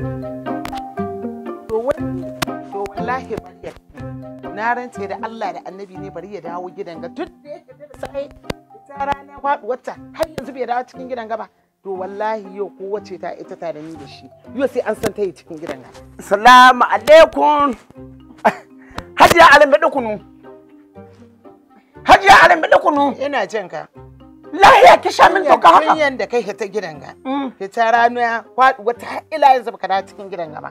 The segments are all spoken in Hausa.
to wallahi na rantse da Allah da annabi ne bari ya dawo gidan ga tun da da sai ta rana faduwarta har yanzu bai dawo cikin gidan gaba to wallahi yau ko wace ta ita ta da ni da shi yau sai an san ta yi cikin gidan alaikum hajiya alambe da kunu hajiya alambe da kunu ina jin ka lahiya ki sha min doka haka hanyar da kai ta gidan ga mm. ta ranuya wata ila yanzu baka dawo cikin gidan ga ba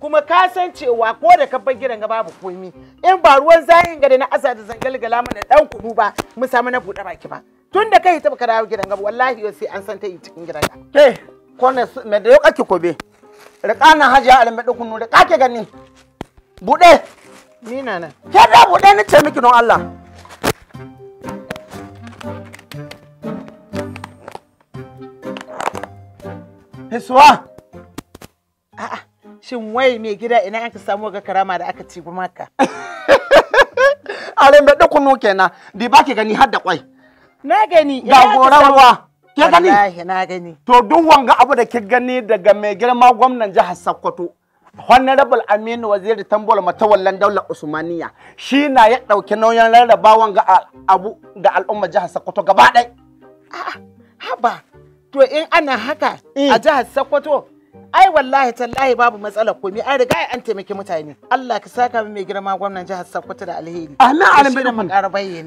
kuma ka san cewa ko da ka bar gidan ga babu komi in ba ruwan zayin ga da na asa da zangalgala mana dan kudu ba mu samu na bude baki ba tun da kai ta baka dawo gidan ga wallahi sai an san ta yi cikin gidan ga ke kone me da yau kake kobe Riƙana hajiya almadu kunu da kake gani bude ni na nan ke da bude ni ce miki don Allah Fesuwa! A'a, shin wai mai gida ina aka samu ga karama da aka ci maka? Aren da kunu kenan, di ba ke gani har da kwai. Na gani. Ga goran ruwa. Ke gani? Wallahi na gani. To duk wanga abu da ke gani daga mai girma gwamnan jihar Sokoto. Honorable Aminu Waziri Tambola Matawallan Daular Usmaniya shi na ya ɗauki nauyin rarrabawan ga abu da al'ummar jihar Sokoto gaba ɗaya. A'a, haba. to in ana haka a mm. jihar Sokoto ai wallahi tallahi babu matsala komai an riga an taimaki mutane Allah ka saka mai girma gwamnan jihar Sokoto da alheri Allah alim bin mun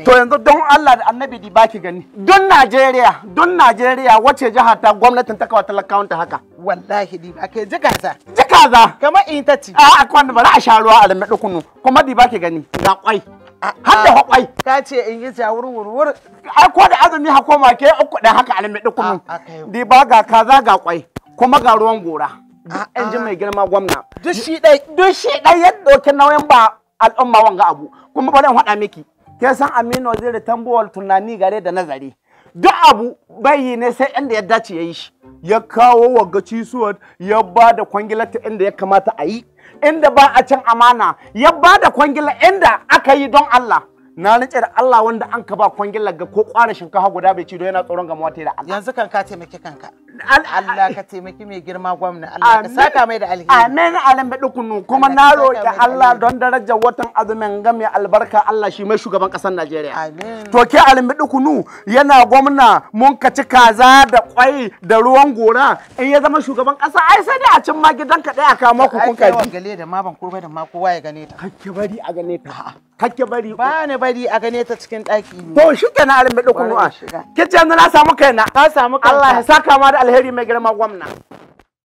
to yanzu don Allah da annabi di baki gani don Najeriya don Najeriya wace jiha ta gwamnatin ta kawo talakawan ta haka wallahi di ba kai jika za jika za kamar in ta ci a akwai ba za a sha ruwa a kunu kuma di baki gani ga kwai har da ah, hakwai ka ce in yi ja wurwurwur ai ko da azumi ha koma ke uku dan haka almi dukun di ba ga kaza ga kwai kuma ga ruwan gora in ah, ah. ji mai girma gwamna duk shi dai duk shi dai nauyin ba al'umma wanga abu kuma bari in faɗa miki ke san Aminu Waziri Tambuwal tunani gare da nazari duk abu bai yi ne sai inda ya dace ya yi shi ya kawo wa gaci suwar ya ba da kwangilar ta inda ya kamata a yi inda ba a can amana ya ba da kwangila inda aka yi don Allah na rike da Allah wanda an ka ba kwangila ga ko kwara shinkafa guda bai ci don yana tsoron gamuwa ta da Allah yanzu kan ka taimake kanka Allah ka taimaki mai girma gwamna Allah ka saka mai da alheri amin alam bai dukunu kuma na roƙi Allah don darajar watan azumin ga mai albarka Allah shi mai shugaban ƙasar Najeriya amin to ke alam bai dukunu yana gwamna mun ka ci kaza da kwai da ruwan gora in ya zama shugaban ƙasa ai sai dai a cin ma gidan ka dai a kama ku kun kai gale da ma ban kurbai da ma kowa ya gane ta kake bari a gane ta kake bari ba ne bari a gane ta cikin ɗaki to shi kenan alam bai dukunu a kici yanzu na samu kaina ka samu Allah ya saka ma da alheri alheri mai girma gwamna